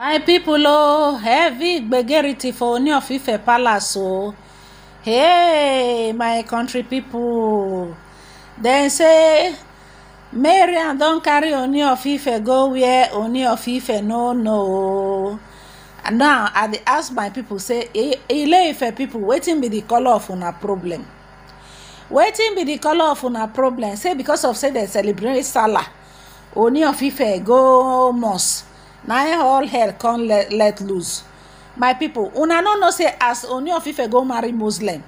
my people o oh, heavy gbegerity for Ooni of Ife palace o oh. hey my country people dem say Mariam don carry Ooni of Ife go where Ooni of Ife no know and now i dey ask my people say Ile Ife people wetin be the colour of una problem wetin be the colour of una problem say because of say dem celebrate Salah Ooni of Ife go mosque na im all hell come let let loose my people. una no know say as oni of ife go marry muslim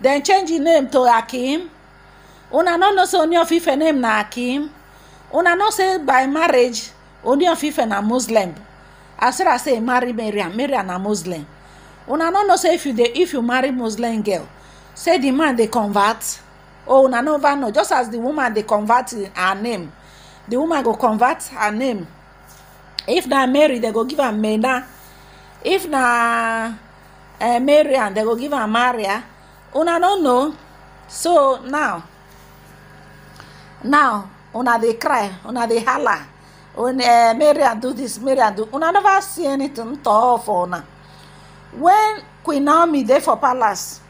dem change im name to Akim. una no know say oni of ife name na Akim. una know say by marriage oni of ife na muslim as sarah say marry mariam mariam na muslim una no know say if you dey if you marry muslim girl say the man dey convert oh una no ever know just as the woman dey convert her name the woman go convert her name if na mary dem go give am mena if na eh, marian dem go give am maria una no know so now now una dey cry una dey hala eh, marian do this, marian do una never see anything tall for una When queen naomi dey for palace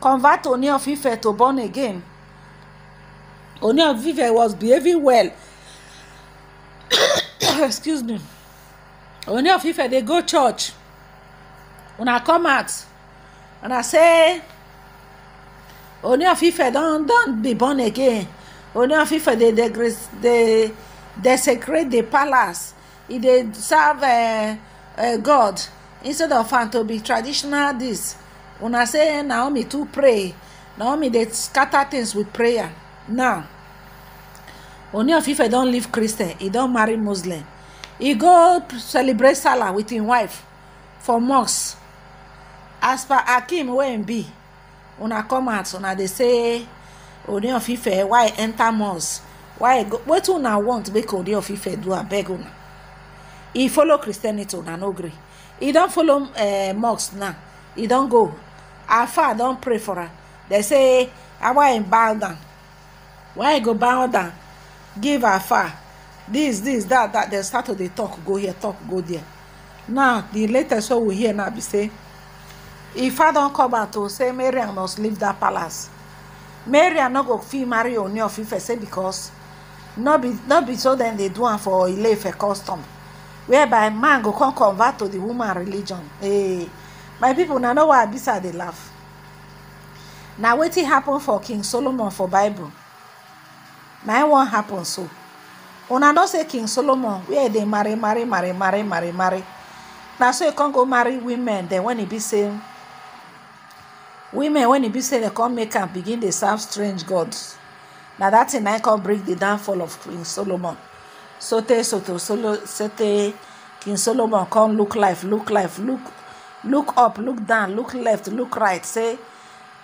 convert oni of ife to born again oni of ife was behaving well excuse me Ooni of Ife dey go church una come out una say Ooni of Ife don don be born again Ooni of Ife dey dey desecrate the palace e dey serve uh, uh, God instead of am to be traditional this una say Naomi too pray Naomi dey scatter things with prayer now oni of ife don leave christian he don't marry muslim He go celebrate salah with his wife for mosque as per Akim wey im be una come out una they say oni of ife why enter mosque why go wetin una want make oni of ife do abeg una He follow christianity una no gree He don't follow uh, mosque now He don't go alfa don't pray for her. They say why im bow down why go bow down give her far this this that that They start to they talk go here talk go there now the latest wey we hear now be say ifa don come out to oh, say Mary must leave that palace Mary no go fit marry oni of ife say because no be no be so then they do am for ile ife custom whereby man go come convert to the woman religion hey, eh, my people na know why abisa they laugh na wetin happen for king solomon for bible na im wan happen so don't say king solomon where they marry marry marry marry marry marry Now so e go marry women then when e be say women when e be say they come make and begin they serve strange gods Now that thing I can come break the downfall of king solomon So so to solo sete king solomon come look life look life look look up look down look left look right say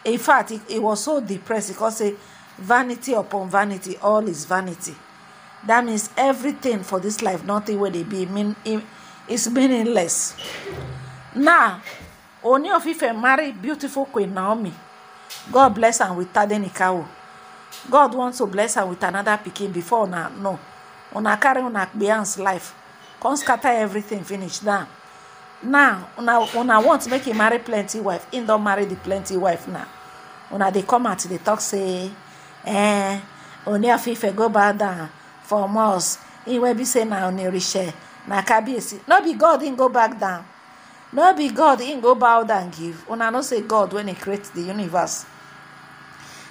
in fact it was so depressed because say vanity upon vanity all is vanity that means everything for this life nothing wey dey be mean It's meaningless now only of Ife marry beautiful Queen Naomi God bless her with Tadenikawo God wants to bless her with another picking before No, know una carry una beyond life come scatter everything finish now now una una want make him marry plenty wife don't marry the plenty wife now When they come out they talk say if eh, onyeofufe go back down for most, in will be say na oniriche na kabiyesi no be god not go back down no be god didn't go bow down give una know say god when He create the universe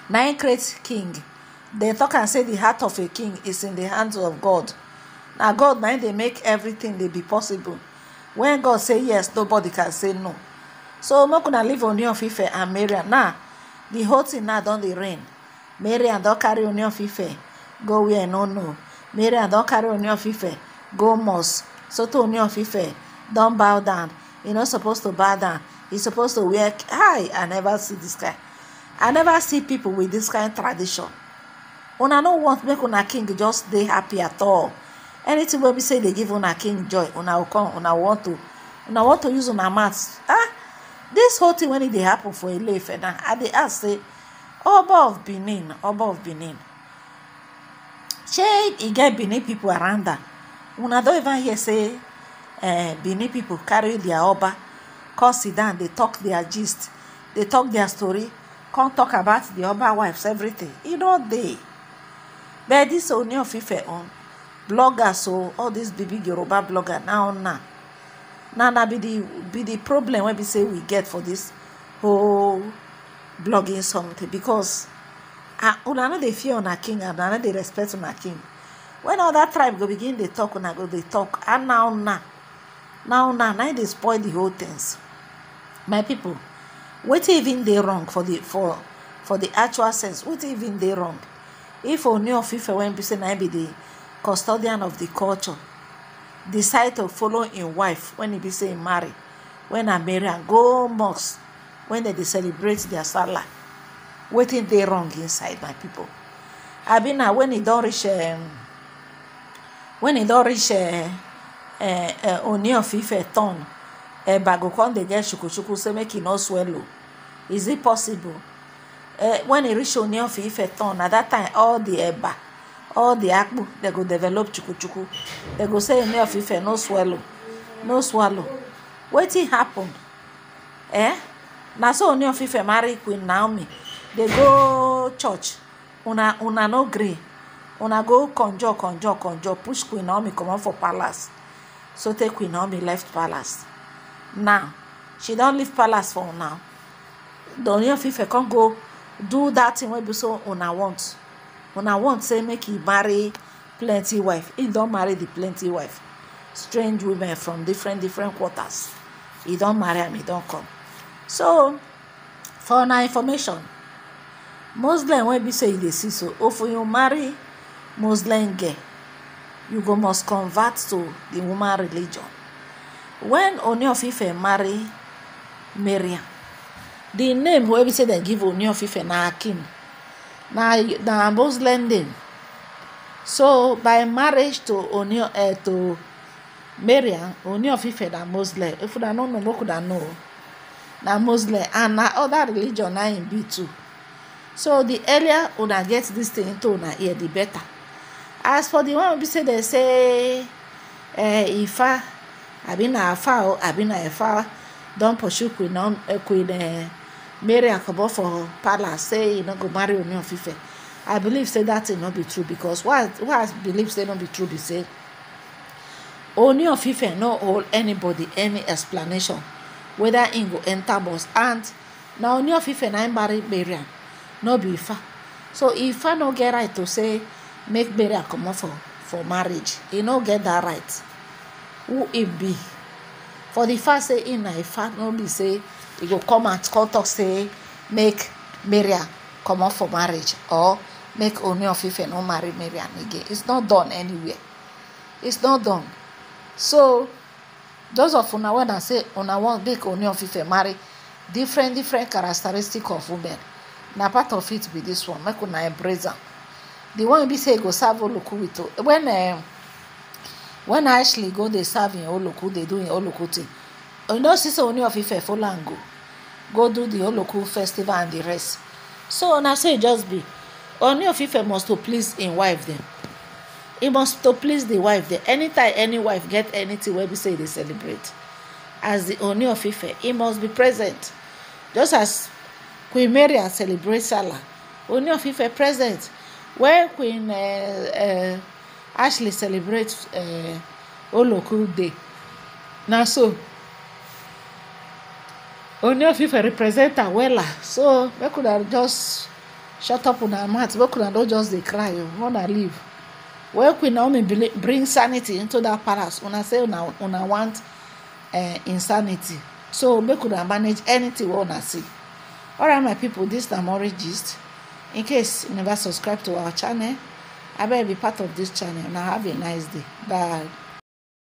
nine im create king They talk and say the heart of a king is in the hands of god Now god na they make everything they be possible When god say yes nobody can say no so make on if oniofife and married. now the whole thing now don't dey rain mariam don carry onion fife go where no no know mariam don carry onion fife go mosque soto onion fife don bow down You no suppose to bow down You suppose to wear high i never see dis guy i never see people with this kind tradition una no want make una king just dey happy at all anything wey be say dey give una king joy una go come una want to una want to use una mouth ah this whole thing wey dey happen for ileife na i dey ask say ọba of benin ọba of benin shey e get benin people around am una don even hear say eh, benin people carry their oba come sit down dey tok dia gist they talk their story come talk about di oba wives everything You know dey but dis only of ife on bloggers so oh, all dis baby big yoruba bloggers now now na na be the problem when we say we get for this. whole blogging something because I una know dey fear a king and know no dey respect a king When all that tribe go begin they talk I go they talk and now now now now now they spoil the whole things my people what even they wrong for the for for the actual sense What even they wrong if only of ife wey be say be the custodian of the culture decide to follow in wife when he be saying marry When I marry I go mosque When they celebrate their sallah wetin dey wrong inside my people abi na when e don reach um, when e don reach uh, uh, uh, Ooni of Ife turn Eba uh, go come dey get chukuchuku say make e no swell o is it possible uh, when e reach Ooni of Ife turn na that time all the Eba all the Akpu dey go develop chukuchuku dey go say Ooni of Ife no swallow no swallow wetin happen eh na so onion ofinfe marry queen naomi dey go church una una no gree una go conjure conjure conjure push queen naomi comot for palace so take queen naomi left palace now she don leave palace for now do onion ofinfe con go do dat tin wey be so una want una want say make e marry plenty wife e don marry di plenty wife strange women from different different quarters e don marry am e don come. so for una information muslim wey be say you dey see so if you marry muslim girl you go must convert to the woman religion when oni of marry mariam the name wey be say dem give oni of na akim na na muslim name so by marriage to oni uh, eh, to mariam oni of ife na muslim if una no know make una know na muslim and na other religion na im be too so the earlier una get this thing into una ear the better as for the one wey be say dem say eh, ifa abi na afa o abi na efa don pursue queen on, eh, queen eh, mary akobo for palace say e no go marry ooni of ife i believe say that thing no be true because why what i believe say no be true be say ooni of ife no hold anybody any explanation whether im go enter bus and na only of ife na im marry mariam no be ifa so ifa no get right to say make mariam comot for for marriage he no get that right who e be for the fact say im na ifa no be say he go come out come talk say make mariam comot for marriage or make only of ife no marry mariam again its not done anywhere its not done so those of una wey na say una wan make Ooni of Ife marry different different characteristic of women na part of it be this one make una embrace am the one be say e go serve Oloku with o when um, when Ashley go dey serve im Oloku dey do im Oloku thing you know see say Ooni of Ife follow am go go do the Oloku festival and the rest so na so e just be Ooni of Ife must to please im wife dem He must to please the wife dem anytime any wife get anything wey be say e dey celebrate as the Ooni of Ife he must be present just as Queen Mariam celebrate Salah Ooni of Ife present when Queen uh, uh, Ashley celebrate uh, Oloku Day na so Ooni of Ife represent am wella so make una just shut up una mouth make una no just dey cry o una leave. Well, Queen Naomi bring sanity into that palace. When I say when I, want uh, insanity, so make could manage anything we wanna see. All right, my people, this is the Gist. In case you never subscribe to our channel, I better be part of this channel. Now have a nice day. Bye.